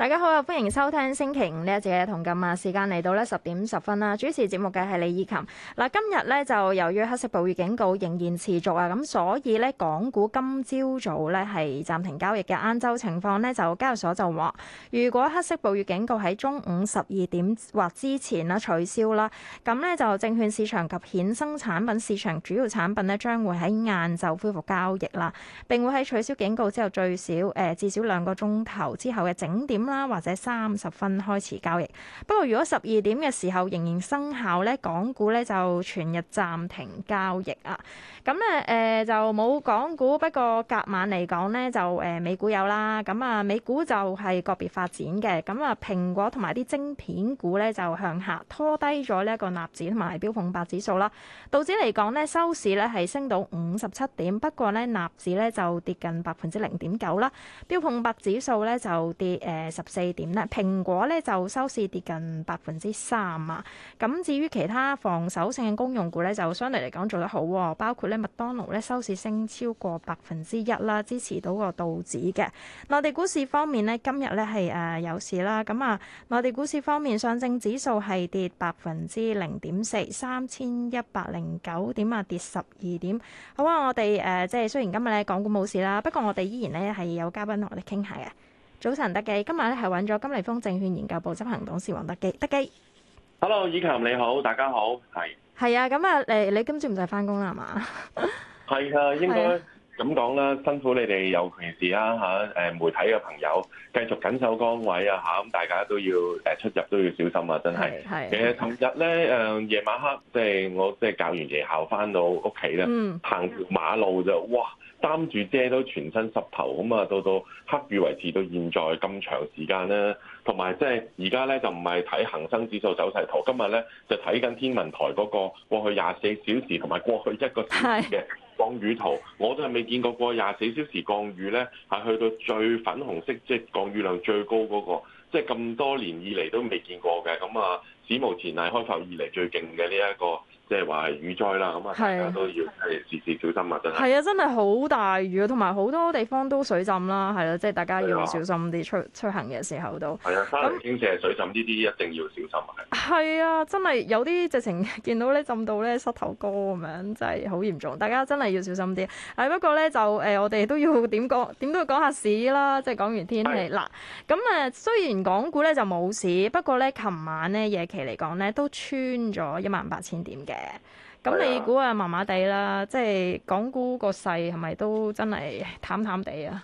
大家好啊，歡迎收聽星期五呢一節嘅《一桶金》，啊，時間嚟到呢，十點十分啦。主持節目嘅係李以琴。嗱，今日呢，就由於黑色暴雨警告仍然持續啊，咁所以呢，港股今朝早呢係暫停交易嘅。晏晝情況呢，就交易所就話，如果黑色暴雨警告喺中午十二點或之前啦取消啦，咁呢就證券市場及衍生產品市場主要產品呢將會喺晏晝恢復交易啦。並會喺取消警告之後最少誒至少兩個鐘頭之後嘅整點。啦，或者三十分開始交易。不過，如果十二點嘅時候仍然生效咧，港股咧就全日暫停交易啊。咁咧誒就冇港股，不過隔晚嚟講咧就誒、呃、美股有啦。咁啊美股就係個別發展嘅。咁啊蘋果同埋啲晶片股咧就向下拖低咗呢一個納指同埋標普百指數啦。道指嚟講咧收市咧係升到五十七點，不過咧納指咧就跌近百分之零點九啦。標普百指數咧就跌誒，呃十四點咧，蘋果咧就收市跌近百分之三啊。咁至於其他防守性嘅公用股咧，就相對嚟講做得好，包括咧麥當勞咧收市升超過百分之一啦，支持到個道指嘅。內地股市方面咧，今日咧係誒有市啦。咁啊，內地股市方面，上證指數係跌百分之零點四，三千一百零九點啊，跌十二點。好啊，我哋誒、呃、即係雖然今日咧港股冇事啦，不過我哋依然咧係有嘉賓同我哋傾下嘅。早晨，德基，今日咧係揾咗金利豐證券研究部執行董事王德基，德基，Hello，以琴你好，大家好，係，係啊，咁啊，誒，你今朝唔使翻工啦嘛？係啊，應該咁講啦，辛苦你哋尤其係啊吓，誒，媒體嘅朋友繼續緊守崗位啊吓，咁大家都要誒出入都要小心啊，真係。係。其實尋日咧，誒，夜晚黑即係我即係教完夜校翻到屋企咧，行條、嗯、馬路就哇～嘩擔住遮都全身濕透咁啊！到到黑雨維持到現在咁長時間咧，同埋即係而家咧就唔係睇恒生指數走勢圖，今日咧就睇緊天文台嗰、那個過去廿四小時同埋過去一個小時嘅降雨圖。是我都係未見過過廿四小時降雨咧係去到最粉紅色，即、就、係、是、降雨量最高嗰、那個，即係咁多年以嚟都未見過嘅。咁啊，史無前例開埠以嚟最勁嘅呢一個。即係話係雨災啦，咁啊，大家都要係時時小心啊！真係係啊，真係好大雨啊，同埋好多地方都水浸啦，係啦、啊，即係大家要小心啲出出行嘅時候都。係啊，山泥傾瀉、水浸呢啲一定要小心啊！係啊，真係有啲直情見到咧浸到咧膝頭哥咁樣，真係好嚴重。大家真係要小心啲。誒不過咧就誒、呃，我哋都要點講？點都要講下市啦，即係講完天氣嗱。咁誒是雖然港股咧就冇市，不過咧琴晚咧夜期嚟講咧都穿咗一萬八千點嘅。咁你估啊，麻麻地啦，即係港股個勢係咪都真係淡淡地啊？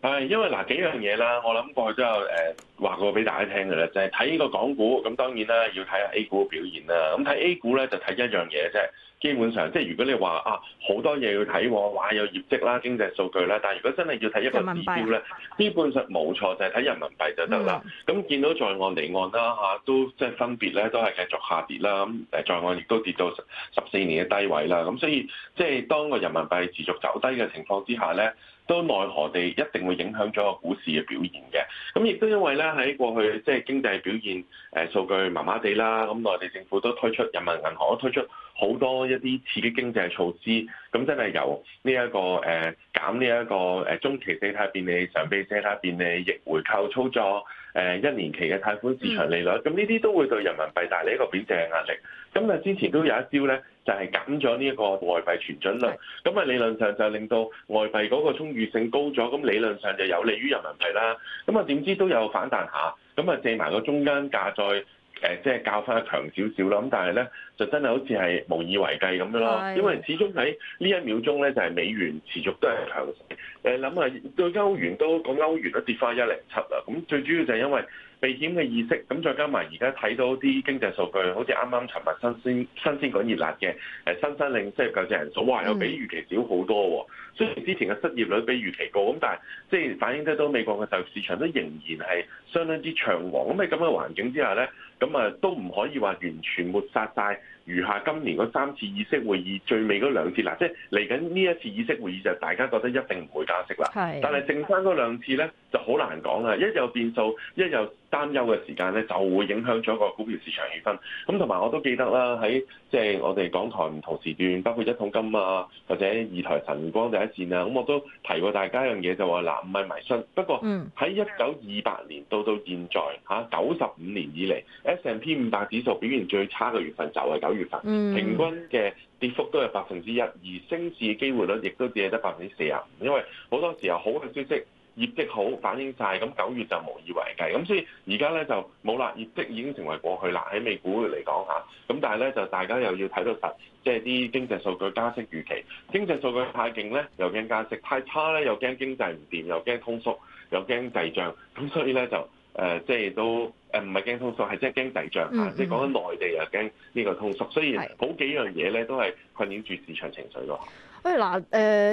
係。因為嗱，幾樣嘢啦，我諗過去之後，誒、呃，話過俾大家聽噶啦，就係睇呢個港股。咁當然啦，要睇下 A 股嘅表現啦。咁睇 A 股咧，就睇一樣嘢啫。基本上，即、就、係、是、如果你話啊，好多嘢要睇，話有業績啦、經濟數據啦，但係如果真係要睇一個指標咧，啊、基本上冇錯就係、是、睇人民幣就得啦。咁、嗯、見到在岸離岸啦、啊、嚇、啊，都即係、就是、分別咧，都係繼續下跌啦。咁誒在岸亦都跌到十四年嘅低位啦。咁所以即係、就是、當個人民幣持續走低嘅情況之下咧，都奈何地一定會影響咗個股市嘅表現嘅，咁亦都因為咧喺過去即係、就是、經濟表現誒數據麻麻地啦，咁內地政府都推出人民銀行都推出好多一啲刺激經濟嘅措施，咁真係由呢、這、一個誒減呢一個誒中期借貸便利、常備借貸便利、逆回購操，操作誒一年期嘅貸款市場利率，咁呢啲都會對人民幣帶嚟一個貶值嘅壓力。咁啊之前都有一招咧。就係減咗呢一個外幣存準率，咁啊是的 理論上就令到外幣嗰個充裕性高咗，咁理論上就有利於人民幣啦。咁啊點知都有反彈下，咁啊借埋個中間價再誒、呃、即係較翻佢強少少啦。咁但係咧就真係好似係無以為繼咁樣咯。是的 因為始終喺呢一秒鐘咧就係、是、美元持續都係強勢。誒諗是的 下對歐元都個歐元都跌翻一零七啦。咁最主要就係因為，避險嘅意識，咁再加埋而家睇到啲經濟數據，好似啱啱尋日新鮮新鮮滾熱辣嘅，誒新申領失業救濟人數哇有比預期少好多喎。雖然之前嘅失業率比預期高，咁但係即係反映得到美國嘅就業市場都仍然係相當之暢旺。咁喺咁嘅環境之下咧，咁啊都唔可以話完全抹殺晒。餘下今年嗰三次議息會議，最尾嗰兩次嗱，即係嚟緊呢一次議息會議就大家覺得一定唔會加息啦。係的。但係剩翻嗰兩次咧，就好難講啦。一有變數，一有擔憂嘅時間咧，就會影響咗個股票市場氣氛。咁同埋我都記得啦，喺即係我哋港台唔同時段，包括一桶金啊，或者二台晨光第一線啊，咁我都提過大家一樣嘢就話嗱，唔係迷信。不過喺一九二八年到到現在嚇九十五年以嚟，S&P 五百指數表現最差嘅月份就係咁。九月份平均嘅跌幅都係百分之一，而升至嘅機會率亦都只係得百分之四啊，因為好多時候好嘅消息業績好反映晒，咁九月就無以為繼，咁所以而家咧就冇啦，業績已經成為過去啦。喺美股嚟講吓，咁但係咧就大家又要睇到實，即係啲經濟數據加息預期，經濟數據太勁咧又驚加息，太差咧又驚經濟唔掂，又驚通縮，又驚滯脹，咁所以咧就。誒即係都誒唔係驚通縮，係即係驚底漲嚇。即係講緊內地又驚呢個通縮，嗯、所以是好幾樣嘢咧都係困擾住市場情緒咯。誒嗱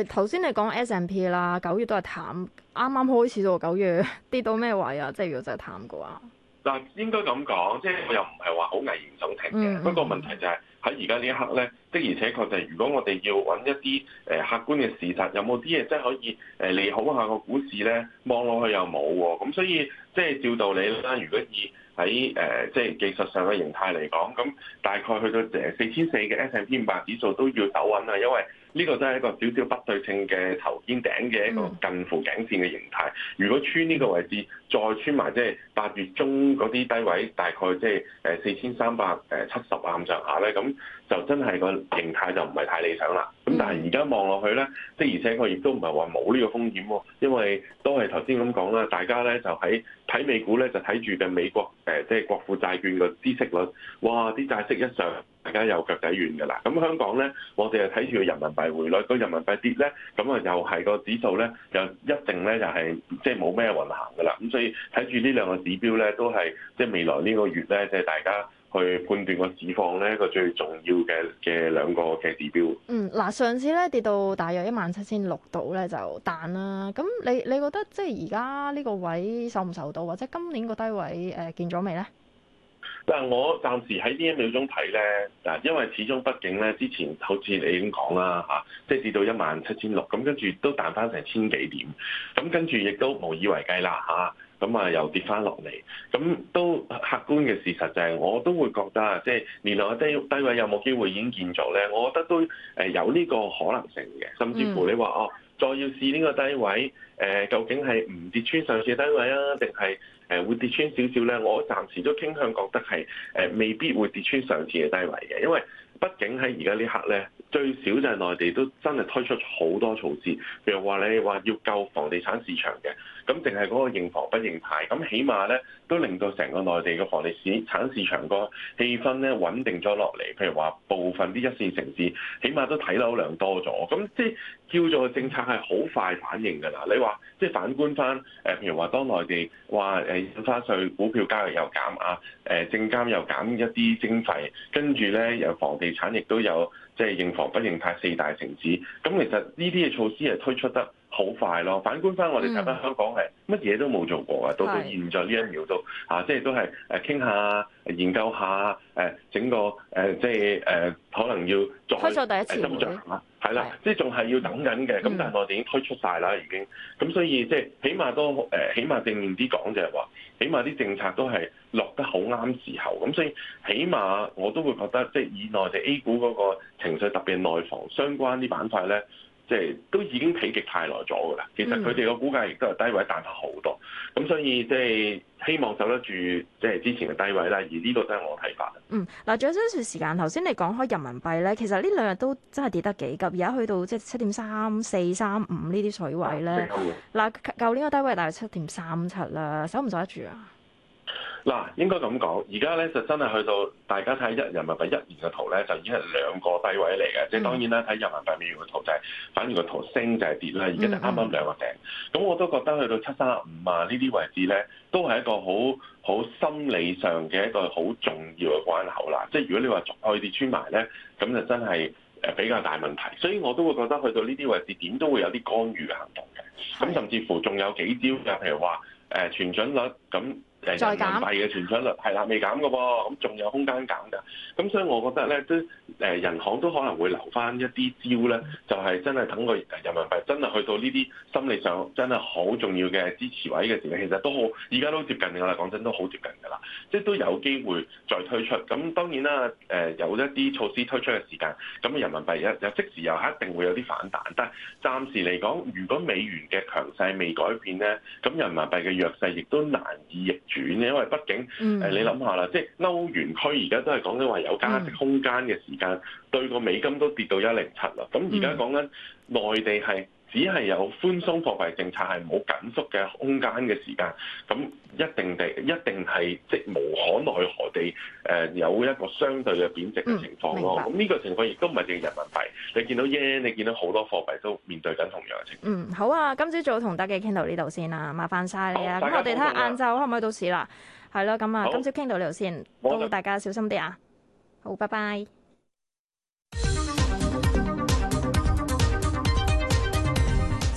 誒，頭、呃、先你講 S&P 啦，九月都係淡，啱啱開始啫喎。九月 跌到咩位啊？即係如果真係淡嘅話，嗱應該咁講，即係我又唔係話好危言聳聽嘅。嗯、不過問題就係喺而家呢一刻咧，的而且確就係如果我哋要揾一啲誒客觀嘅事實，有冇啲嘢即係可以誒利好下個股市咧？望落去又冇喎，咁所以。即係照道理啦，如果以喺誒、呃、即係技術上嘅形態嚟講，咁大概去到四千四嘅 S and P 五百指數都要走穩啦，因為。呢個都係一個少少不對稱嘅頭肩頂嘅一個近乎頸線嘅形態。如果穿呢個位置再穿埋即係八月中嗰啲低位，大概即係誒四千三百誒七十咁上下咧，咁就真係個形態就唔係太理想啦。咁但係而家望落去咧，即係而且我亦都唔係話冇呢個風險喎，因為都係頭先咁講啦，大家咧就喺睇美股咧就睇住嘅美國誒即係國庫債券嘅孳息率，哇！啲債息一上。大家又腳底軟嘅啦，咁香港咧，我哋又睇住個人民幣匯率，個人民幣跌咧，咁啊又係個指數咧，又一定咧就係即係冇咩運行嘅啦。咁所以睇住呢兩個指標咧，都係即係未來呢個月咧，即係大家去判斷個市況咧，個最重要嘅嘅兩個嘅指標。嗯，嗱，上次咧跌到大約一萬七千六度咧就彈啦。咁你你覺得即係而家呢個位受唔受到，或者今年個低位誒、呃、見咗未咧？但係我暫時喺呢一秒鐘睇咧，嗱，因為始終畢竟咧之前好似你已經講啦嚇，即係至到一萬七千六，咁跟住都彈翻成千幾點，咁跟住亦都無以為繼啦吓，咁啊又跌翻落嚟，咁都客觀嘅事實就係、是、我都會覺得即係連落低低位有冇機會已經見咗咧，我覺得都誒有呢個可能性嘅，甚至乎你話哦。再要試呢個低位，誒究竟係唔跌穿上次嘅低位啊，定係誒會跌穿少少咧？我暫時都傾向覺得係誒未必會跌穿上次嘅低位嘅，因為畢竟喺而家呢刻咧，最少就係內地都真係推出好多措施，譬如話你話要救房地產市場嘅。咁淨係嗰個認房不認貸，咁起碼咧都令到成個內地嘅房地市產市場個氣氛咧穩定咗落嚟。譬如話部分啲一線城市，起碼都睇樓量多咗。咁即係叫做政策係好快反應㗎啦。你話即係反觀翻誒，譬如話當內地話誒印花稅股票交易又減啊，誒證監又減一啲徵費，跟住咧有房地產亦都有即係、就是、認房不認貸四大城市。咁其實呢啲嘅措施係推出得。好快咯！反觀翻我哋睇翻香港係乜嘢都冇做過啊，到到現在呢一秒都啊，即係都係誒傾下、研究下誒整個誒即係誒可能要再斟酌下，係啦，即係仲係要等緊嘅。咁但係我哋已經推出晒啦，已經咁，所以即係起碼都誒，起碼正面啲講就係話，起碼啲政策都係落得好啱時候。咁所以起碼我都會覺得，即係以內地 A 股嗰個情緒特別內房相關啲板塊咧。即係都已經疲極太耐咗㗎啦，其實佢哋個估價亦都係低位彈翻好多，咁所以即係希望守得住即係之前嘅低位啦。而呢度都係我嘅睇法。嗯，嗱，仲有少少時間，頭先你講開人民幣咧，其實呢兩日都真係跌得幾急，而家去到即係七點三四三五呢啲水位咧。嗱、啊，舊年個低位大概七點三七啦，守唔守得住啊？嗱，應該咁講，而家咧就真係去到大家睇一人民幣一年嘅圖咧，就已經係兩個低位嚟嘅。嗯、即係當然啦，睇人民幣美元嘅圖就係、是、反而個圖升就係跌啦。而家就啱啱兩個頂，咁、嗯、我都覺得去到七三五啊呢啲位置咧，都係一個好好心理上嘅一個好重要嘅關口啦。即係如果你話再跌穿埋咧，咁就真係誒比較大問題。所以我都會覺得去到呢啲位置點都會有啲干預嘅行動嘅。咁甚至乎仲有幾招嘅，譬如話誒存準率咁。再減？人民幣嘅存取率係啦，未減㗎喎，咁仲有空間減㗎。咁所以我覺得咧，都誒人行都可能會留翻一啲招咧，就係真係等個人民幣真係去到呢啲心理上真係好重要嘅支持位嘅時候，其實都好，而家都接近㗎啦。講真，都好接近㗎啦，即係都有機會再推出。咁當然啦，誒有一啲措施推出嘅時間，咁人民幣一又即時又一定會有啲反彈。但係暫時嚟講，如果美元嘅強勢未改變咧，咁人民幣嘅弱勢亦都難以轉因為畢竟、嗯、你諗下啦，即係歐元區而家都係講緊話有價值空間嘅時間，嗯、對個美金都跌到一零七啦。咁而家講緊內地係。只係有寬鬆貨幣政策係冇緊縮嘅空間嘅時間，咁一定地一定係即無可奈何地誒、呃、有一個相對嘅貶值嘅情況咯。咁呢、嗯、個情況亦都唔係淨係人民幣，你見到 Yen，你見到好多貨幣都面對緊同樣嘅情況。嗯，好啊，今朝早同大家傾到呢度先啦，麻煩晒你啊。咁我哋睇下晏晝可唔可以到市啦？係咯，咁啊，好今朝傾到呢度先，都大家小心啲啊。好，拜拜。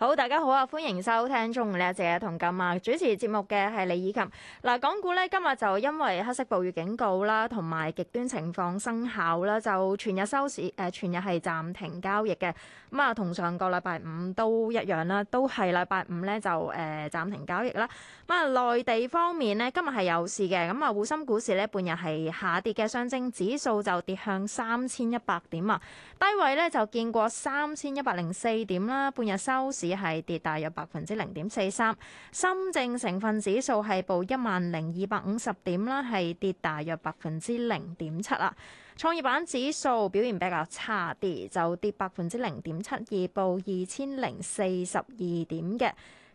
好，大家好啊！歡迎收聽中，中午咧，嘅一桶金啊！主持節目嘅係李以琴。嗱、啊，港股咧今日就因為黑色暴雨警告啦，同埋極端情況生效啦，就全日收市誒、呃，全日係暫停交易嘅。咁、嗯、啊，同上個禮拜五都一樣啦，都係禮拜五咧就誒暫、呃、停交易啦。咁、嗯、啊，內地方面呢，今日係有市嘅。咁、嗯、啊，滬深股市呢，半日係下跌嘅，上證指數就跌向三千一百點啊。低位咧就見過三千一百零四點啦，半日收市係跌大約百分之零點四三。深證成分指數係報一萬零二百五十點啦，係跌大約百分之零點七啊。創業板指數表現比較差啲，就跌百分之零點七二，報二千零四十二點嘅。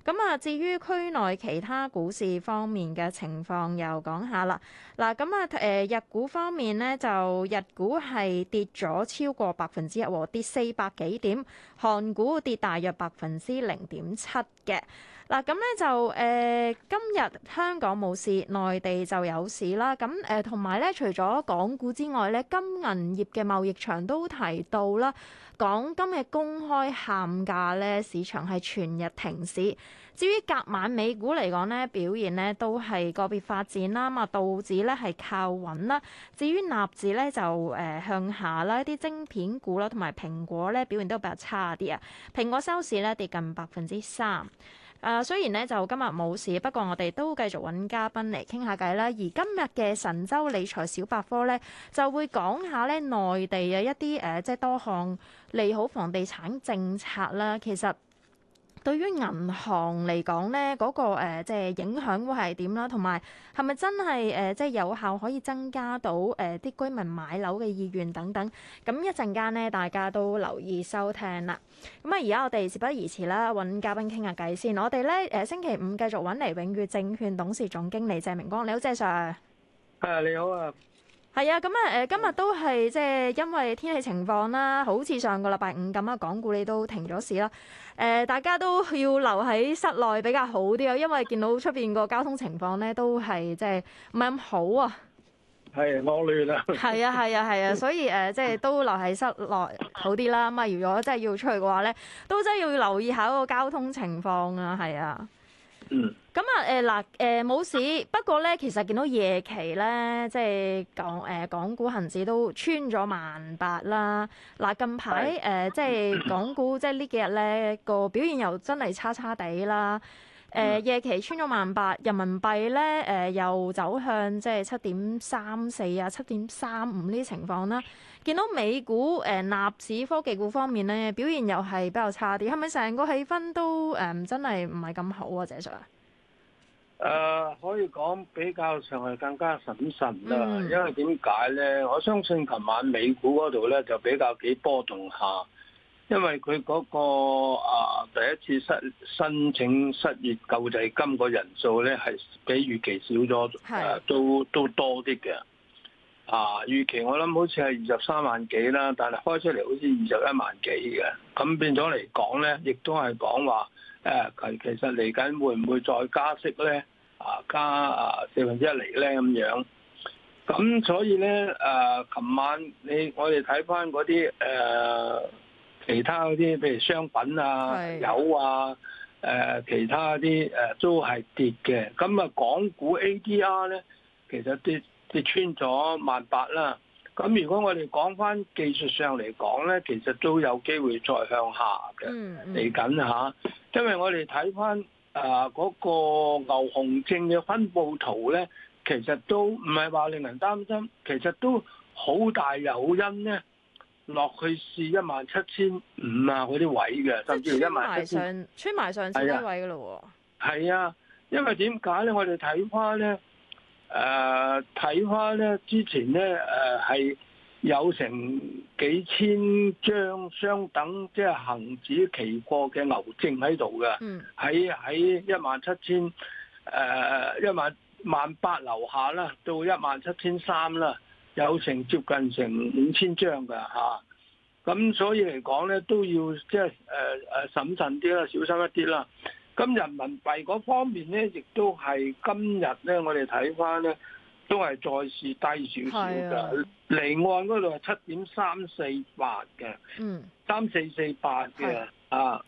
咁啊，至於區內其他股市方面嘅情況，又講下啦。嗱，咁啊，誒，日股方面呢，就日股係跌咗超過百分之一喎，跌四百幾點。韓股跌大約百分之零點七嘅。嗱，咁咧就誒、呃，今日香港冇市，內地就有市啦。咁誒，同埋咧，除咗港股之外咧，金銀業嘅貿易場都提到啦。港金嘅公開喊價咧，市場係全日停市。至於隔晚美股嚟講咧，表現咧都係個別發展啦。咁啊，道指咧係靠穩啦，至於納指咧就誒向下啦。一啲晶片股啦，同埋蘋果咧表現都比較差啲啊。蘋果收市咧跌近百分之三。誒雖然咧就今日冇市，不過我哋都繼續揾嘉賓嚟傾下偈啦。而今日嘅神州理財小百科呢，就會講下咧內地嘅一啲誒、呃，即係多項利好房地產政策啦。其實。對於銀行嚟講咧，嗰、那個、呃、即係影響會係點啦？同埋係咪真係誒、呃、即係有效可以增加到誒啲、呃、居民買樓嘅意願等等？咁一陣間咧，大家都留意收聽啦。咁啊，而家我哋事不宜遲啦，揾嘉賓傾下偈先。我哋咧誒星期五繼續揾嚟永裕證券董事總經理謝明光。你好，謝 Sir。誒、啊，你好啊。係啊，咁啊，誒，今日都係即係因為天氣情況啦，好似上個禮拜五咁啊，港股你都停咗市啦。誒，大家都要留喺室內比較好啲啊，因為見到出面個交通情況咧，都係即係唔係咁好啊。係惡亂啊！係啊，係啊，係啊，所以誒，即係都留喺室內好啲啦。咁啊，如果真係要出去嘅話咧，都真係要留意下嗰個交通情況啊。係啊。咁啊，誒嗱、嗯，誒冇、嗯呃呃、事。不過咧，其實見到夜期咧，即、就、係、是、港誒、呃、港股恆指都穿咗萬八啦。嗱，近排誒即係港股，即係呢幾日咧個表現又真係差差地啦。誒、呃、夜期穿咗萬八，人民幣咧誒、呃、又走向即係七點三四啊，七點三五呢啲情況啦。見到美股誒，納指科技股方面咧表現又係比較差啲，係咪成個氣氛都誒、嗯、真係唔係咁好啊？謝 sir 啊，誒可以講比較上係更加審慎啦，因為點解咧？我相信琴晚美股嗰度咧就比較幾波動下，因為佢嗰、嗰個啊、呃、第一次申申請失業救濟金個人數咧係比預期少咗、呃，都都多啲嘅。啊，預期我諗好似係二十三萬幾啦，但係開出嚟好似二十一萬幾嘅，咁變咗嚟講咧，亦都係講話誒，其其實嚟緊會唔會再加息咧？啊，加啊四分之一釐咧咁樣。咁所以咧，誒、呃，琴晚你我哋睇翻嗰啲誒其他啲，譬如商品啊、是的 油啊、誒、呃、其他啲誒、呃、都係跌嘅。咁啊，港股 ADR 咧，其實跌。跌穿咗萬八啦，咁如果我哋講翻技術上嚟講咧，其實都有機會再向下嘅嚟緊吓，嗯嗯、因為我哋睇翻啊嗰個牛熊證嘅分佈圖咧，其實都唔係話令人擔心，其實都好大誘因咧落去試一萬七千五啊嗰啲位嘅，甚至一萬七千穿埋上穿埋上嗰啲位嘅咯喎。係啊，啊，因為點解咧？我哋睇翻咧。誒，睇翻咧，之前咧誒，係有成幾千張相等，即係恒指期貨嘅牛證喺度嘅，喺喺一萬七千誒一萬萬八樓下啦，到一萬七千三啦，有成接近成五千張噶吓，咁、啊、所以嚟講咧都要即係誒誒審慎啲啦，小心一啲啦。咁人民幣嗰方面咧，亦都係今日咧，我哋睇翻咧，都係再次低是低少少噶。離岸嗰度係七點三四八嘅，嗯，三四四八嘅，啊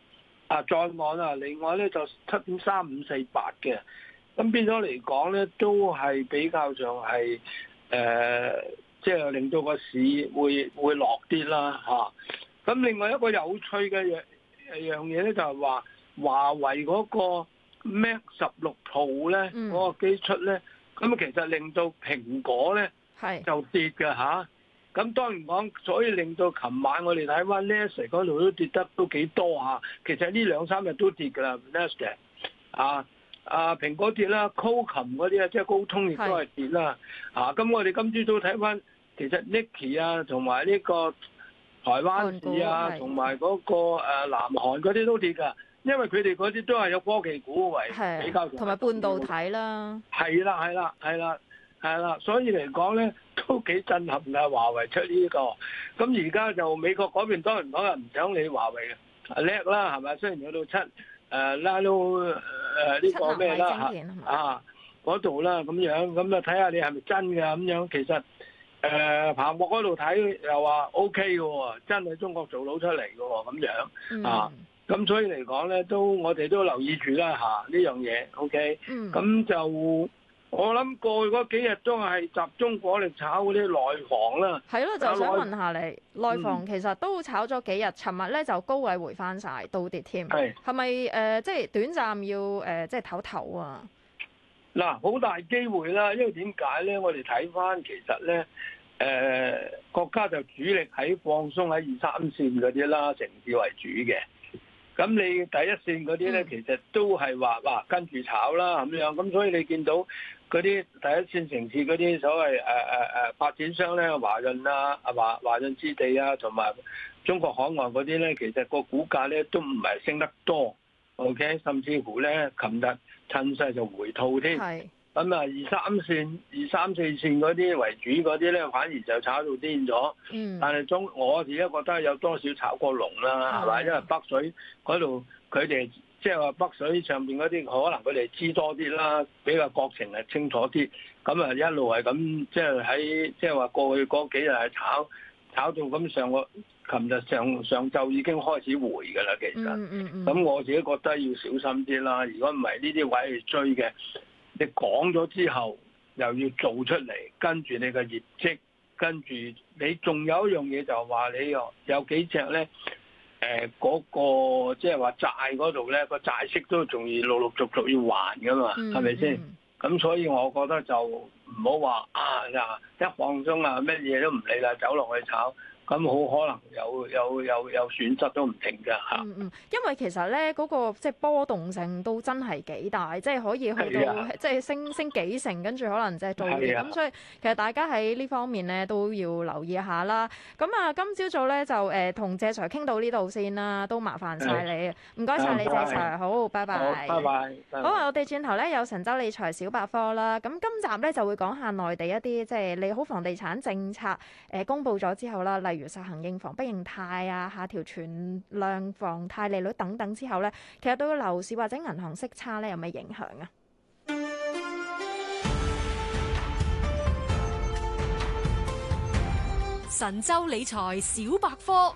啊的再岸啊，離岸咧就七點三五四八嘅。咁變咗嚟講咧，都係比較上係誒，即、呃、係、就是、令到個市會會落啲啦吓，咁、啊、另外一個有趣嘅嘢樣嘢咧，就係、是、話。華為嗰個 Mac 十六號咧，嗰、那個機出咧，咁啊其實令到蘋果咧是就跌嘅吓，咁、啊、當然講，所以令到琴晚我哋睇翻 Nasdaq 度都跌得都幾多吓、啊，其實呢兩三日都跌嘅啦，Nasdaq 啊啊蘋果跌啦，c、um、高琴嗰啲啊，即係高通亦都係跌啦。啊，咁我哋今朝早睇翻，其實 Nikkei 啊，同埋呢個台灣市啊，同埋嗰個南韓嗰啲都跌嘅。因為佢哋嗰啲都係有科技股嘅位，的比較同埋半導體啦。係啦，係啦，係啦，係啦，所以嚟講咧都幾震撼啊！華為出呢、這個，咁而家就美國嗰邊當然講又唔想理華為啊叻啦，係咪？雖然有到七誒拉誒呢個咩啦啊嗰度啦咁樣，咁啊睇下你係咪真噶咁樣？其實誒、呃，彭博嗰度睇又話 OK 嘅，真係中國做到出嚟嘅咁樣、嗯、啊。咁所以嚟講咧，都我哋都留意住啦，吓呢樣嘢。OK，咁就我諗過去嗰幾日都係集中火力炒嗰啲內房啦。係咯，就想問下你，內房其實都炒咗幾日，尋日咧就高位回翻晒，倒跌添。係的，係咪誒，即係短暫要誒、呃，即係唞唞啊？嗱，好大機會啦，因為點解咧？我哋睇翻其實咧，誒、呃，國家就主力喺放鬆喺二三線嗰啲啦，城市為主嘅。咁你第一線嗰啲咧，其實都係話話跟住炒啦咁樣，咁所以你見到嗰啲第一線城市嗰啲所謂誒誒誒發展商咧，華潤啊、華華潤置地啊，同埋中國海外嗰啲咧，其實個股價咧都唔係升得多，OK，甚至乎咧，琴日趁勢就回吐添。係。咁啊，二三線、二三四線嗰啲為主嗰啲咧，反而就炒到癲咗。嗯。但係中我自己覺得有多少炒過龍啦，係嘛吧？因為北水嗰度佢哋即係話北水上邊嗰啲，可能佢哋知多啲啦，比較國情係清楚啲。咁啊，一路係咁，即係喺即係話過去嗰幾日係炒炒到咁上個琴日上上晝已經開始回㗎啦。其實，嗯嗯。咁我自己覺得要小心啲啦。如果唔係呢啲位去追嘅。你講咗之後，又要做出嚟，跟住你嘅業績，跟住你仲有一樣嘢就係話你有有幾隻咧？誒、呃，嗰、嗰個即係話債嗰度咧，個債息都仲要陸陸續續要還噶嘛，係咪先？咁、hmm. 所以我覺得就唔好話啊，嗱，一放鬆啊，咩嘢都唔理啦，走落去炒。咁好可能有有有有損失都唔停㗎嚇！嗯嗯，因為其實咧嗰個即係波動性都真係幾大，即係可以去到的即係升升幾成，跟住可能即係倒跌咁。的所以其實大家喺呢方面咧都要留意一下啦。咁啊，今朝早咧就誒同謝才傾到呢度先啦，都麻煩晒你，唔該晒你謝才，好，拜拜。好，拜拜。好啊，我哋轉頭咧有神州理財小百科啦。咁今集咧就會講下內地一啲即係利好房地產政策誒公佈咗之後啦，例如實行認房不認貸啊，下調存量房貸利率等等之後咧，其實對個樓市或者銀行息差咧有咩影響啊？神州理財小百科。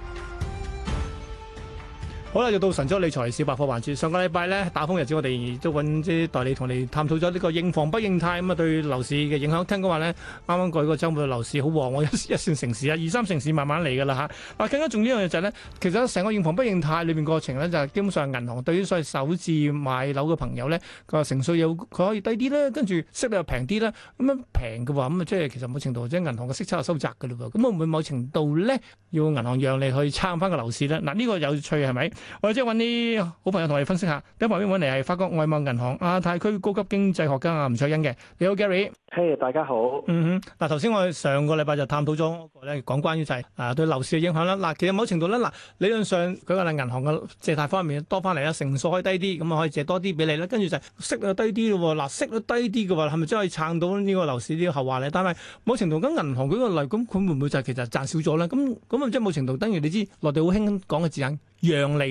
好啦，又到神州理財小百科環節。上個禮拜咧，打風日子我哋都揾啲代理同你探討咗呢個認房不認貸咁啊，對樓市嘅影響。聽講話咧，啱啱過一個週末，樓市好旺喎，哦，一線城市啊，二三城市慢慢嚟噶啦吓，啊，更加重要一樣嘢就係、是、咧，其實成個認房不認貸裏面過程咧，就係、是、基本上銀行對於所謂首次買樓嘅朋友咧，個成數又佢可以低啲咧，跟住息率又平啲啦。咁樣平嘅話，咁啊、嗯、即係其實某程度即係銀行嘅息差收窄嘅嘞噃。咁啊，會唔會某程度咧，要銀行讓你去撐翻個樓市咧？嗱，呢個有趣係咪？是我哋即係揾啲好朋友同我哋分析下。喺旁邊揾嚟係法國外貿銀行亞太區高級經濟學家阿吳卓欣嘅。你好 Gary。嘿，大家好。嗯哼，嗱，頭先我哋上個禮拜就探討咗一個咧，講關於就係啊對樓市嘅影響啦。嗱，其實某程度咧，嗱，理論上佢話，銀行嘅借貸方面多翻嚟啦，成數可以低啲，咁啊可以借多啲俾你啦。跟住就息率低啲咯。嗱，息率低啲嘅話，係咪真係可以撐到呢個樓市啲後話咧？但係某程度咁銀行舉個例，咁佢會唔會就係其實賺少咗咧？咁咁啊，即係冇程度等於你知內地好興講嘅字眼，讓利。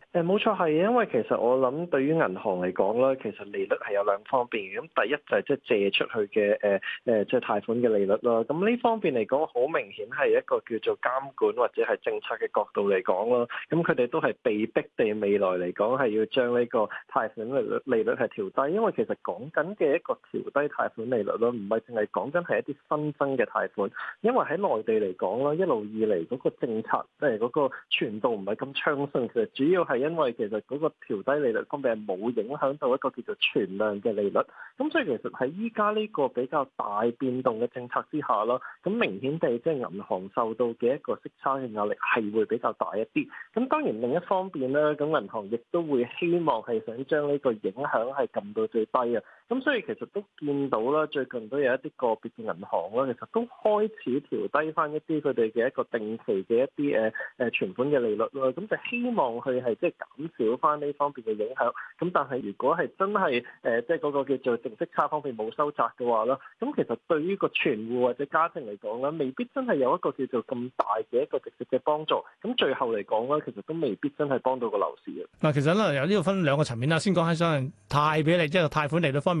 誒冇錯係，因為其實我諗對於銀行嚟講咧，其實利率係有兩方面嘅。咁第一就係即係借出去嘅誒誒，即、呃、係貸款嘅利率啦。咁呢方面嚟講，好明顯係一個叫做監管或者係政策嘅角度嚟講咯。咁佢哋都係被逼地未來嚟講係要將呢個貸款利率利率係調低，因為其實講緊嘅一個調低貸款利率咯，唔係淨係講緊係一啲新增嘅貸款。因為喺內地嚟講咧，一路以嚟嗰個政策即係嗰個傳導唔係咁暢順，其實主要係。因為其實嗰個調低利率方面係冇影響到一個叫做存量嘅利率，咁所以其實喺依家呢個比較大變動嘅政策之下咯，咁明顯地即係銀行受到嘅一個息差嘅壓力係會比較大一啲，咁當然另一方面咧，咁銀行亦都會希望係想將呢個影響係撳到最低啊。咁所以其實都見到啦，最近都有一啲個別嘅銀行啦，其實都開始調低翻一啲佢哋嘅一個定期嘅一啲誒誒存款嘅利率咯。咁就希望佢係即係減少翻呢方面嘅影響。咁但係如果係真係誒、呃、即係嗰個叫做淨息差方面冇收窄嘅話啦，咁其實對於個存戶或者家庭嚟講咧，未必真係有一個叫做咁大嘅一個直接嘅幫助。咁最後嚟講咧，其實都未必真係幫到個樓市嘅。嗱，其實咧由呢度分兩個層面啦，先講喺上貸俾利，即係貸款利率方面。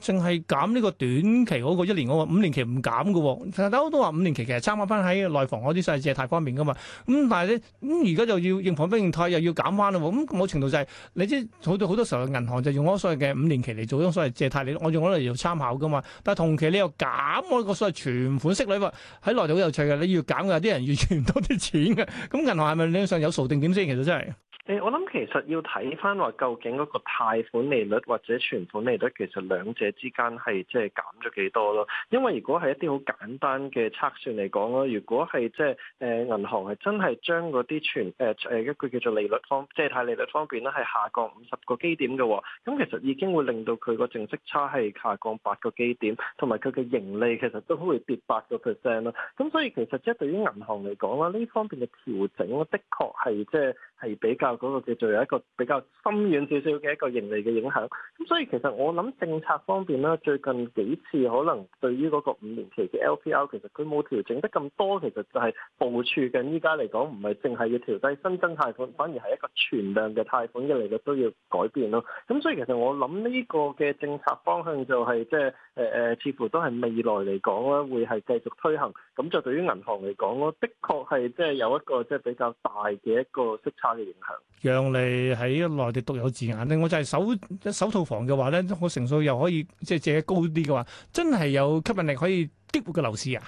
淨係減呢個短期嗰個一年嗰、嗰個五年期唔減嘅、哦，大家都話五年期其實參考翻喺內房嗰啲所謂借貸方面嘅嘛。咁、嗯、但係咧，咁而家就要認房不認貸又要減翻啦、哦。咁、嗯、某程度就係、是、你知好多好多時候銀行就用嗰所謂嘅五年期嚟做嗰所謂借貸嘅，我用嗰嚟做參考嘅嘛。但係同期你又減嗰個所謂存款息率喺內地好有趣嘅，你要減嘅有啲人要存多啲錢嘅。咁銀行係咪理論上有數定點先其實真係？誒，我諗其實要睇翻話，究竟嗰個貸款利率或者存款利率，其實兩者之間係即係減咗幾多咯？因為如果係一啲好簡單嘅測算嚟講啦，如果係即係誒銀行係真係將嗰啲存誒誒一個叫做利率方借貸利率方邊咧係下降五十個基點嘅話，咁其實已經會令到佢個淨息差係下降八個基點，同埋佢嘅盈利其實都會跌八個 percent 咯。咁所以其實即係對於銀行嚟講啦，呢方面嘅調整咧，的確係即係。係比較嗰個叫做有一個比較深遠少少嘅一個盈利嘅影響，咁所以其實我諗政策方面啦，最近幾次可能對於嗰個五年期嘅 LPR 其實佢冇調整得咁多，其實就係部署緊依家嚟講，唔係淨係要調低新增貸款，反而係一個存量嘅貸款嘅嚟嘅都要改變咯。咁所以其實我諗呢個嘅政策方向就係即係誒誒，似乎都係未來嚟講咧會係繼續推行。咁就對於銀行嚟講咯，的確係即係有一個即係比較大嘅一個息差影響，讓利喺內地獨有字眼咧。我就係首首套房嘅話咧，我成數又可以借借高啲嘅話，真係有吸引力，可以激活個樓市啊！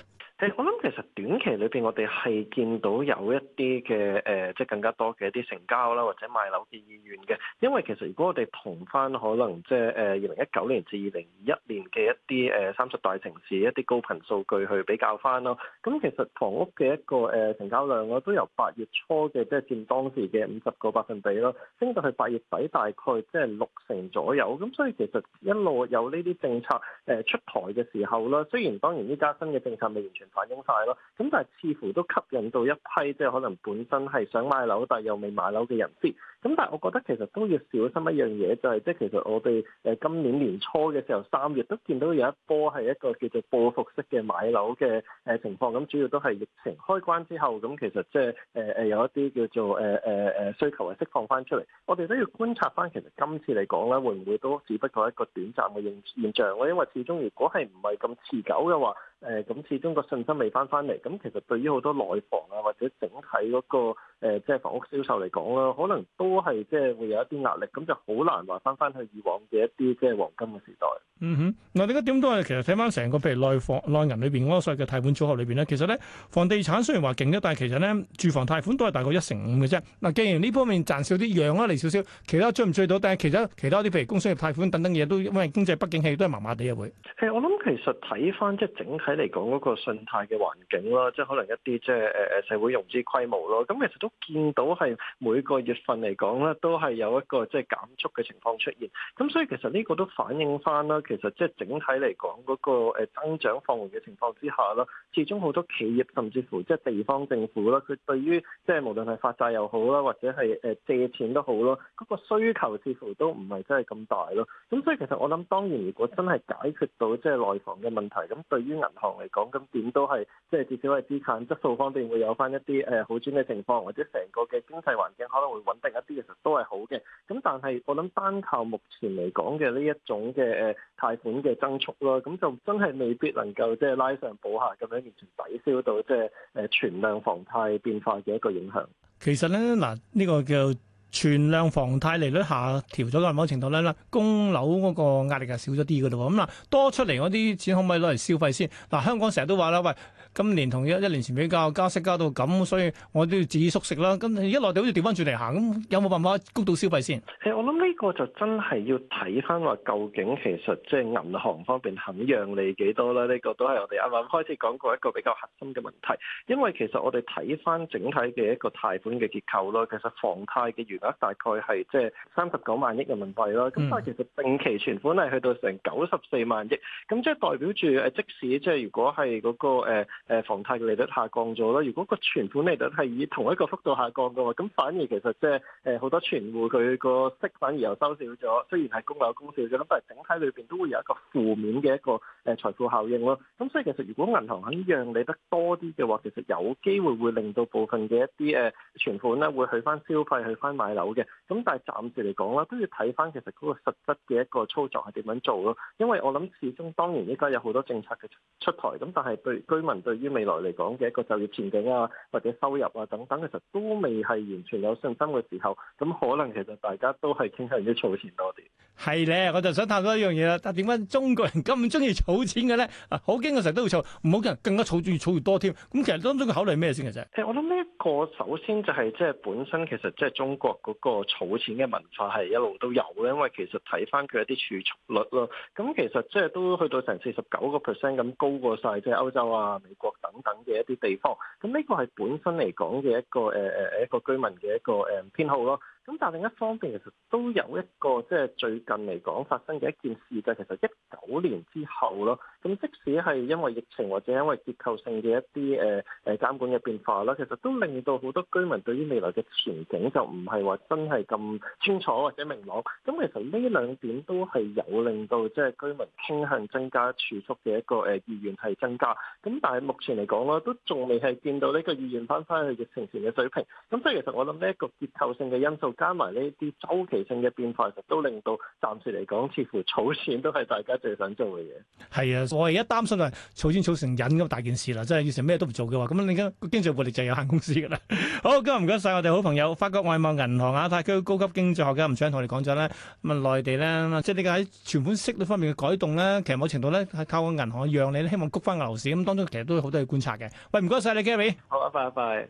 我諗其實短期裏邊，我哋係見到有一啲嘅誒，即係更加多嘅一啲成交啦，或者買樓嘅意願嘅。因為其實如果我哋同翻可能即係誒二零一九年至二零二一年嘅一啲誒三十大城市一啲高頻數據去比較翻咯，咁其實房屋嘅一個誒成交量咯，都由八月初嘅即係佔當時嘅五十個百分比咯，升到去八月底大概即係六成左右。咁所以其實一路有呢啲政策誒出台嘅時候啦，雖然當然呢家新嘅政策未完全反映晒咯，咁但係似乎都吸引到一批即係可能本身係想買樓，但係又未買樓嘅人士。咁但係我覺得其實都要小心一樣嘢，就係即係其實我哋誒今年年初嘅時候，三月都見到有一波係一個叫做報復式嘅買樓嘅誒情況，咁主要都係疫情開關之後，咁其實即係誒誒有一啲叫做誒誒誒需求係釋放翻出嚟。我哋都要觀察翻，其實今次嚟講咧，會唔會都只不過係一個短暫嘅現現象咧？因為始終如果係唔係咁持久嘅話，誒咁始終個信心未翻翻嚟，咁其實對於好多內房啊或者整體嗰個。誒、呃，即係房屋銷售嚟講啦，可能都係即係會有一啲壓力，咁就好難話翻翻去以往嘅一啲即係黃金嘅時代。嗯哼，嗱，你覺得點解？其實睇翻成個譬如內房、內銀裏邊嗰個所謂嘅貸款組合裏邊咧，其實咧，房地產雖然話勁嘅，但係其實咧，住房貸款都係大概一成五嘅啫。嗱，既然呢方面賺少啲，讓一嚟少少，其他追唔追到？但係其實其他啲譬如工商業貸款等等嘢，都因為經濟不景氣，都係麻麻地啊，會。係，我諗其實睇翻即係整體嚟講嗰個信貸嘅環境啦，即係可能一啲、呃、即係誒誒社會融資規模咯。咁、呃、其實都。見到係每個月份嚟講咧，都係有一個即係減速嘅情況出現。咁所以其實呢個都反映翻啦，其實即係整體嚟講嗰個誒增長放緩嘅情況之下啦，始終好多企業甚至乎即係地方政府啦，佢對於即係無論係發債又好啦，或者係誒借錢都好咯，嗰個需求似乎都唔係真係咁大咯。咁所以其實我諗，當然如果真係解決到即係內房嘅問題，咁對於銀行嚟講，咁點都係即係至少係資產質素方面會有翻一啲誒好轉嘅情況，或者。成個嘅經濟環境可能會穩定一啲，其實都係好嘅。咁但係我諗單靠目前嚟講嘅呢一種嘅誒貸款嘅增速啦，咁就真係未必能夠即係拉上補下咁樣，完全抵消到即係誒存量房貸變化嘅一個影響。其實咧嗱，呢、這個叫存量房貸利率下調咗嘅某程度咧，嗱供樓嗰個壓力係少咗啲嘅咯。咁嗱多出嚟嗰啲錢可唔可以攞嚟消費先？嗱香港成日都話啦，喂。今年同一一年前比較加息加到咁，所以我都要自己縮食啦。咁一內地好似調翻轉嚟行，咁有冇辦法谷到消費先？誒，我諗呢個就真係要睇翻話究竟其實即係銀行方面肯讓利幾多啦。呢、呢個都係我哋啱啱開始講過一個比較核心嘅問題。因為其實我哋睇翻整體嘅一個貸款嘅結構啦，其實房貸嘅餘額大概係即係三十九萬億人民幣啦。咁、嗯、但係其實定期存款係去到成九十四萬億，咁即係代表住誒，即使即係如果係嗰、嗰個、呃誒房貸嘅利率下降咗啦，如果個存款利率係以同一個幅度下降嘅話，咁反而其實即係誒好多存戶佢個息反而又收少咗，雖然係供樓供少咗，咁但係整體裏邊都會有一個負面嘅一個誒財富效應咯。咁所以其實如果銀行肯讓利得多啲嘅話，其實有機會會令到部分嘅一啲誒存款咧會去翻消費，去翻買樓嘅。咁但係暫時嚟講啦，都要睇翻其實嗰個實質嘅一個操作係點樣做咯。因為我諗始終當然呢家有好多政策嘅出台，咁但係對居民對對於未來嚟講嘅一個就業前景啊，或者收入啊等等，其實都未係完全有信心嘅時候，咁可能其實大家都係傾向於儲錢多啲。係咧，我就想探多一樣嘢啦。但係點解中國人咁中意儲錢嘅咧？好驚嘅成日都會儲，唔好嘅人更加儲住越儲越多添。咁其實當中嘅考慮係咩先嘅啫？誒，我諗呢一個首先就係即係本身其實即係中國嗰個儲錢嘅文化係一路都有嘅，因為其實睇翻佢一啲儲蓄率咯。咁其實即係都去到成四十九個 percent 咁高過晒，即係歐洲啊、美等等嘅一啲地方，咁呢個係本身嚟講嘅一個誒誒誒一個居民嘅一個誒、呃、偏好咯。咁但另一方面，其實都有一個即係最近嚟講發生嘅一件事嘅，其實一九年之後咯，咁即使係因為疫情或者因為結構性嘅一啲誒誒監管嘅變化啦，其實都令到好多居民對於未來嘅前景就唔係話真係咁清楚或者明朗。咁其實呢兩點都係有令到即係居民傾向增加儲蓄嘅一個誒意願係增加。咁、呃呃呃呃呃呃呃呃、但係目前嚟講咧，都仲未係見到呢個意願返返去疫情前嘅水平。咁所以其實我諗呢一個結構性嘅因素。加埋呢啲週期性嘅變化，其實都令到暫時嚟講，似乎儲錢都係大家最想做嘅嘢。係啊，我而家擔心就係儲錢儲成癮咁大件事啦，真係變成咩都唔做嘅話，咁你嘅經濟活力就係有限公司㗎啦。好，今日唔該曬我哋好朋友法國外貿銀行亞太區高級經濟學家吳卓同我哋講咗咧，咁啊內地咧，即係呢個喺存款息率方面嘅改動咧，其實某程度咧係靠緊銀行讓利咧，希望谷翻樓市。咁當中其實都好多要觀察嘅。喂，唔該曬你，Gary。好啊，拜拜。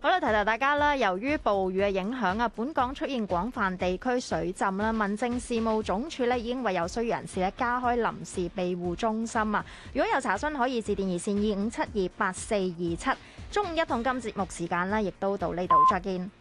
好啦，提提大家啦，由於暴雨嘅影響啊，本港出現廣泛地區水浸啦，民政事務總署呢已經為有需要人士咧加開臨時庇護中心啊，如果有查詢可以致電二線二五七二八四二七。中午一桶金節目時間咧，亦都到呢度再見。